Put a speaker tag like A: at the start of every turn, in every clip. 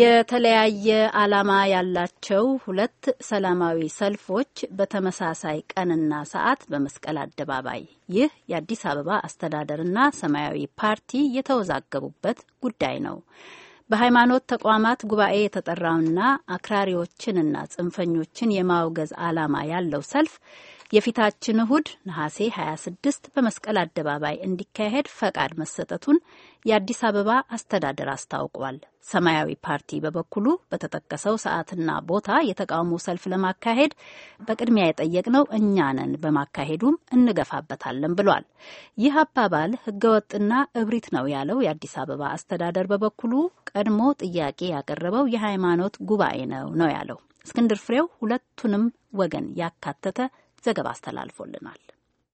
A: የተለያየ ዓላማ ያላቸው ሁለት ሰላማዊ ሰልፎች በተመሳሳይ ቀንና ሰዓት በመስቀል አደባባይ። ይህ የአዲስ አበባ አስተዳደርና ሰማያዊ ፓርቲ የተወዛገቡበት ጉዳይ ነው። በሃይማኖት ተቋማት ጉባኤ የተጠራውና አክራሪዎችንና ጽንፈኞችን የማውገዝ ዓላማ ያለው ሰልፍ የፊታችን እሁድ ነሐሴ 26 በመስቀል አደባባይ እንዲካሄድ ፈቃድ መሰጠቱን የአዲስ አበባ አስተዳደር አስታውቋል። ሰማያዊ ፓርቲ በበኩሉ በተጠቀሰው ሰዓትና ቦታ የተቃውሞ ሰልፍ ለማካሄድ በቅድሚያ የጠየቅነው እኛ ነን፣ በማካሄዱም እንገፋበታለን ብሏል። ይህ አባባል ህገወጥና እብሪት ነው ያለው የአዲስ አበባ አስተዳደር በበኩሉ ቀድሞ ጥያቄ ያቀረበው የሃይማኖት ጉባኤ ነው ነው ያለው። እስክንድር ፍሬው ሁለቱንም ወገን ያካተተ ዘገባ አስተላልፎልናል።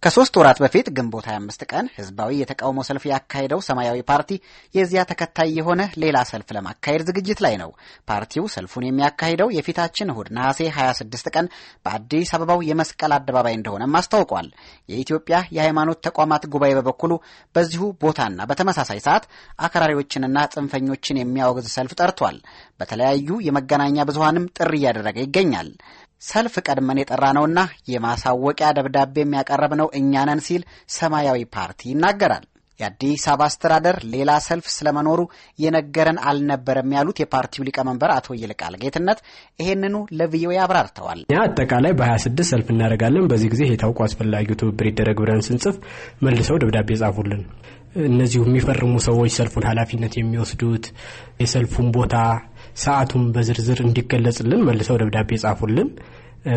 B: ከሶስት ወራት በፊት ግንቦት 25 ቀን ህዝባዊ የተቃውሞ ሰልፍ ያካሄደው ሰማያዊ ፓርቲ የዚያ ተከታይ የሆነ ሌላ ሰልፍ ለማካሄድ ዝግጅት ላይ ነው። ፓርቲው ሰልፉን የሚያካሄደው የፊታችን እሁድ ነሐሴ 26 ቀን በአዲስ አበባው የመስቀል አደባባይ እንደሆነም አስታውቋል። የኢትዮጵያ የሃይማኖት ተቋማት ጉባኤ በበኩሉ በዚሁ ቦታና በተመሳሳይ ሰዓት አክራሪዎችንና ጽንፈኞችን የሚያወግዝ ሰልፍ ጠርቷል። በተለያዩ የመገናኛ ብዙሃንም ጥሪ እያደረገ ይገኛል። ሰልፍ ቀድመን የጠራ ነውና የማሳወቂያ ደብዳቤ የሚያቀረብ ነው እኛነን ሲል ሰማያዊ ፓርቲ ይናገራል። የአዲስ አበባ አስተዳደር ሌላ ሰልፍ ስለመኖሩ የነገረን አልነበረም ያሉት የፓርቲው ሊቀመንበር አቶ ይልቃል ጌትነት ይህንኑ ለቪኦኤ አብራርተዋል።
C: እኛ አጠቃላይ በ26 ሰልፍ እናደርጋለን፣ በዚህ ጊዜ የታውቁ አስፈላጊው ትብብር ይደረግ ብለን ስንጽፍ መልሰው ደብዳቤ ጻፉልን። እነዚሁ የሚፈርሙ ሰዎች ሰልፉን ኃላፊነት የሚወስዱት የሰልፉን ቦታ ሰዓቱን በዝርዝር እንዲገለጽልን መልሰው ደብዳቤ ጻፉልን።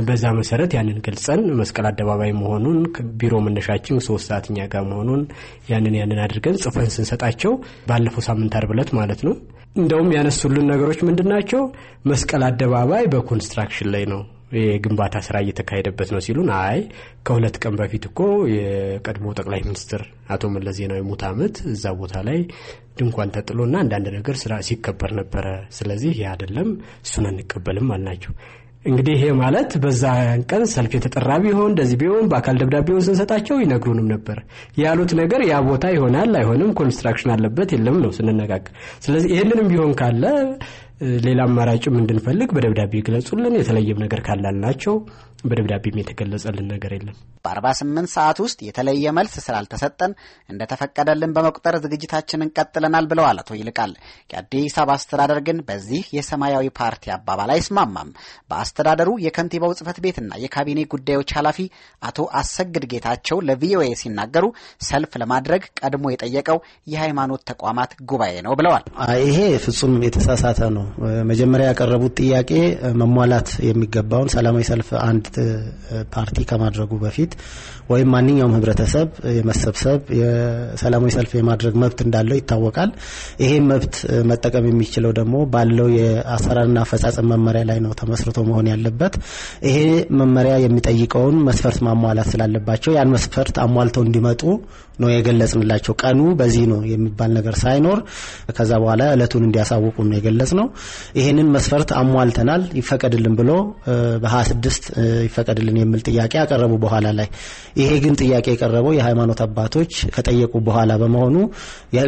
C: በዛ መሰረት ያንን ገልጸን መስቀል አደባባይ መሆኑን ቢሮ መነሻችን ሶስት ሰዓትኛ ጋር መሆኑን ያንን ያንን አድርገን ጽፈን ስንሰጣቸው ባለፈው ሳምንት አርብ ዕለት ማለት ነው። እንደውም ያነሱልን ነገሮች ምንድን ናቸው? መስቀል አደባባይ በኮንስትራክሽን ላይ ነው የግንባታ ስራ እየተካሄደበት ነው ሲሉን፣ አይ ከሁለት ቀን በፊት እኮ የቀድሞ ጠቅላይ ሚኒስትር አቶ መለስ ዜናዊ ሙት ዓመት እዛ ቦታ ላይ ድንኳን ተጥሎ እና አንዳንድ ነገር ስራ ሲከበር ነበረ። ስለዚህ ይህ አይደለም፣ እሱን አንቀበልም አልናቸው። እንግዲህ ይሄ ማለት በዛ ቀን ሰልፍ የተጠራ ቢሆን እንደዚህ ቢሆን በአካል ደብዳቤውን ስንሰጣቸው ይነግሩንም ነበር። ያሉት ነገር ያ ቦታ ይሆናል አይሆንም፣ ኮንስትራክሽን አለበት የለም ነው ስንነጋገር። ስለዚህ ይህንንም ቢሆን ካለ ሌላ አማራጭም እንድንፈልግ በደብዳቤ ይግለጹልን። የተለየም ነገር ካላልናቸው በደብዳቤም የተገለጸልን ነገር የለም።
B: በ48 ሰዓት ውስጥ የተለየ መልስ ስላልተሰጠን እንደተፈቀደልን በመቁጠር ዝግጅታችንን ቀጥለናል ብለዋል አቶ ይልቃል። የአዲስ አበባ አስተዳደር ግን በዚህ የሰማያዊ ፓርቲ አባባል አይስማማም። በአስተዳደሩ የከንቲባው ጽህፈት ቤትና የካቢኔ ጉዳዮች ኃላፊ አቶ አሰግድ ጌታቸው ለቪኦኤ ሲናገሩ ሰልፍ ለማድረግ ቀድሞ የጠየቀው የሃይማኖት ተቋማት ጉባኤ ነው ብለዋል።
D: ይሄ ፍጹም የተሳሳተ ነው። መጀመሪያ ያቀረቡት ጥያቄ መሟላት የሚገባውን ሰላማዊ ሰልፍ አንድ ፓርቲ ከማድረጉ በፊት በፊት ወይም ማንኛውም ህብረተሰብ የመሰብሰብ የሰላማዊ ሰልፍ የማድረግ መብት እንዳለው ይታወቃል። ይሄ መብት መጠቀም የሚችለው ደግሞ ባለው የአሰራርና አፈጻጸም መመሪያ ላይ ነው ተመስርቶ መሆን ያለበት። ይሄ መመሪያ የሚጠይቀውን መስፈርት ማሟላት ስላለባቸው ያን መስፈርት አሟልተው እንዲመጡ ነው የገለጽንላቸው። ቀኑ በዚህ ነው የሚባል ነገር ሳይኖር ከዛ በኋላ እለቱን እንዲያሳውቁ ነው የገለጽ ነው። ይህንን መስፈርት አሟልተናል ይፈቀድልን ብሎ በ26 ይፈቀድልን የሚል ጥያቄ አቀረቡ በኋላ ላይ ይሄ ግን ጥያቄ የቀረበው የሃይማኖት አባቶች ከጠየቁ በኋላ በመሆኑ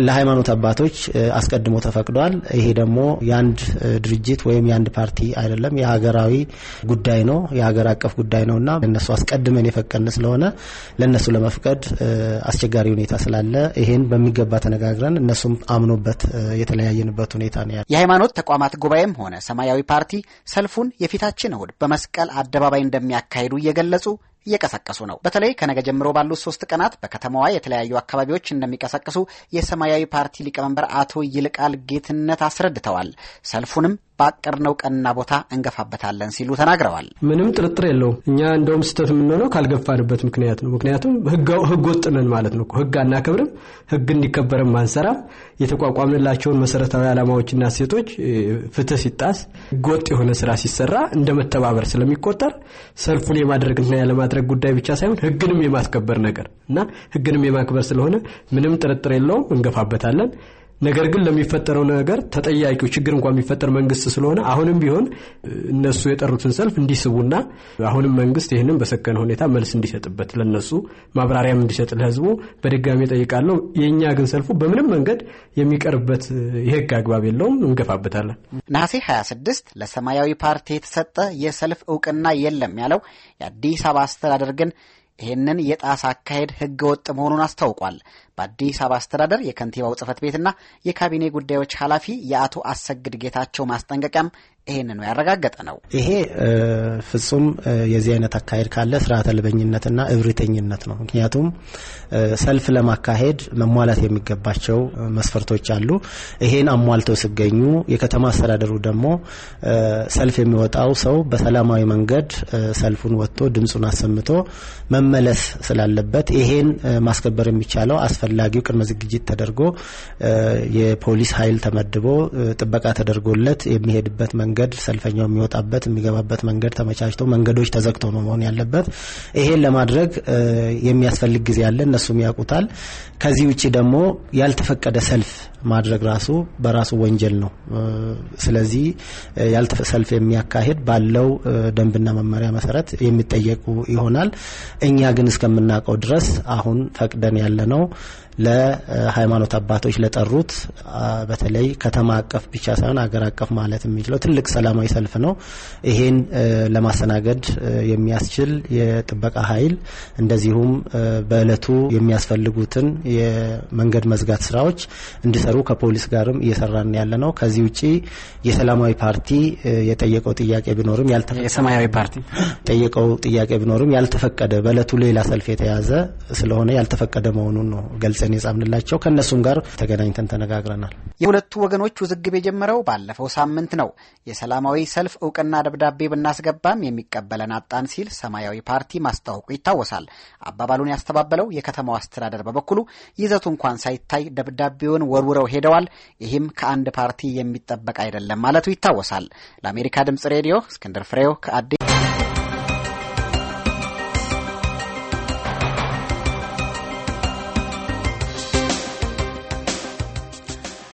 D: ለሃይማኖት አባቶች አስቀድሞ ተፈቅዷል። ይሄ ደግሞ የአንድ ድርጅት ወይም የአንድ ፓርቲ አይደለም፣ የሀገራዊ ጉዳይ ነው፣ የሀገር አቀፍ ጉዳይ ነው እና ለነሱ አስቀድመን የፈቀድን ስለሆነ ለነሱ ለመፍቀድ አስቸጋሪ ሁኔታ ስላለ ይሄን በሚገባ ተነጋግረን እነሱም አምኖበት የተለያየንበት ሁኔታ ነው ያለ።
B: የሃይማኖት ተቋማት ጉባኤም ሆነ ሰማያዊ ፓርቲ ሰልፉን የፊታችን እሁድ በመስቀል አደባባይ እንደሚያካሂዱ እየገለጹ እየቀሰቀሱ ነው። በተለይ ከነገ ጀምሮ ባሉት ሶስት ቀናት በከተማዋ የተለያዩ አካባቢዎች እንደሚቀሰቅሱ የሰማያዊ ፓርቲ ሊቀመንበር አቶ ይልቃል ጌትነት አስረድተዋል። ሰልፉንም ባቀድነው ቀንና ቦታ እንገፋበታለን ሲሉ ተናግረዋል።
C: ምንም ጥርጥር የለውም። እኛ እንደውም ስህተት የምንሆነው ካልገፋንበት ምክንያት ነው። ምክንያቱም ህግ ወጥ ነን ማለት ነው። ህግ አናከብርም፣ ህግ እንዲከበርም አንሰራም። የተቋቋምንላቸውን መሰረታዊ ዓላማዎችና ሴቶች ፍትህ ሲጣስ ህግ ወጥ የሆነ ስራ ሲሰራ እንደ መተባበር ስለሚቆጠር ሰልፉን የማድረግና ያለማድረግ ጉዳይ ብቻ ሳይሆን ህግንም የማስከበር ነገር እና ህግንም የማክበር ስለሆነ ምንም ጥርጥር የለውም እንገፋበታለን። ነገር ግን ለሚፈጠረው ነገር ተጠያቂው ችግር እንኳን የሚፈጠር መንግስት ስለሆነ አሁንም ቢሆን እነሱ የጠሩትን ሰልፍ እንዲስቡና አሁንም መንግስት ይህንን በሰከነ ሁኔታ መልስ እንዲሰጥበት ለነሱ ማብራሪያም እንዲሰጥ ለህዝቡ በድጋሚ ጠይቃለሁ። የእኛ ግን ሰልፉ በምንም መንገድ የሚቀርብበት የህግ አግባብ የለውም። እንገፋበታለን።
B: ነሐሴ 26 ለሰማያዊ ፓርቲ የተሰጠ የሰልፍ እውቅና የለም ያለው የአዲስ አበባ አስተዳደር ግን ይህንን የጣሳ አካሄድ ህገ ወጥ መሆኑን አስታውቋል። በአዲስ አበባ አስተዳደር የከንቲባው ጽህፈት ቤትና የካቢኔ ጉዳዮች ኃላፊ የአቶ አሰግድ ጌታቸው ማስጠንቀቂያም ይህንኑ ያረጋገጠ ነው።
D: ይሄ ፍጹም የዚህ አይነት አካሄድ ካለ ስርዓተ ልበኝነትና እብሪተኝነት ነው። ምክንያቱም ሰልፍ ለማካሄድ መሟላት የሚገባቸው መስፈርቶች አሉ። ይሄን አሟልተው ሲገኙ የከተማ አስተዳደሩ ደግሞ ሰልፍ የሚወጣው ሰው በሰላማዊ መንገድ ሰልፉን ወጥቶ ድምፁን አሰምቶ መመለስ ስላለበት ይሄን ማስከበር የሚቻለው አስፈላጊው ቅድመ ዝግጅት ተደርጎ የፖሊስ ኃይል ተመድቦ ጥበቃ ተደርጎለት የሚሄድበት መንገድ ሰልፈኛው የሚወጣበት የሚገባበት መንገድ ተመቻችቶ መንገዶች ተዘግቶ ነው መሆን ያለበት። ይሄን ለማድረግ የሚያስፈልግ ጊዜ አለ፣ እነሱም ያውቁታል። ከዚህ ውጭ ደግሞ ያልተፈቀደ ሰልፍ ማድረግ ራሱ በራሱ ወንጀል ነው። ስለዚህ ያልተ ሰልፍ የሚያካሄድ ባለው ደንብና መመሪያ መሰረት የሚጠየቁ ይሆናል። እኛ ግን እስከምናውቀው ድረስ አሁን ፈቅደን ያለነው ለሃይማኖት አባቶች ለጠሩት በተለይ ከተማ አቀፍ ብቻ ሳይሆን አገር አቀፍ ማለት የሚችለው ትልቅ ሰላማዊ ሰልፍ ነው። ይሄን ለማስተናገድ የሚያስችል የጥበቃ ኃይል እንደዚሁም በእለቱ የሚያስፈልጉትን የመንገድ መዝጋት ስራዎች እንዲሰ የሚሰሩ ከፖሊስ ጋርም እየሰራን ያለ ነው። ከዚህ ውጪ የሰላማዊ ፓርቲ የጠየቀው ጥያቄ ቢኖርም የሰማያዊ ፓርቲ ጠየቀው ጥያቄ ቢኖርም ያልተፈቀደ በእለቱ ሌላ ሰልፍ የተያዘ ስለሆነ ያልተፈቀደ መሆኑን ነው ገልጸን የጻምንላቸው። ከእነሱም ጋር ተገናኝተን ተነጋግረናል።
B: የሁለቱ ወገኖች ውዝግብ የጀመረው ባለፈው ሳምንት ነው። የሰላማዊ ሰልፍ እውቅና ደብዳቤ ብናስገባም የሚቀበለን አጣን ሲል ሰማያዊ ፓርቲ ማስታወቁ ይታወሳል። አባባሉን ያስተባበለው የከተማው አስተዳደር በበኩሉ ይዘቱ እንኳን ሳይታይ ደብዳቤውን ወርውረው ተሰድረው ሄደዋል። ይህም ከአንድ ፓርቲ የሚጠበቅ አይደለም ማለቱ ይታወሳል። ለአሜሪካ ድምጽ ሬዲዮ እስክንድር ፍሬው ከአዲስ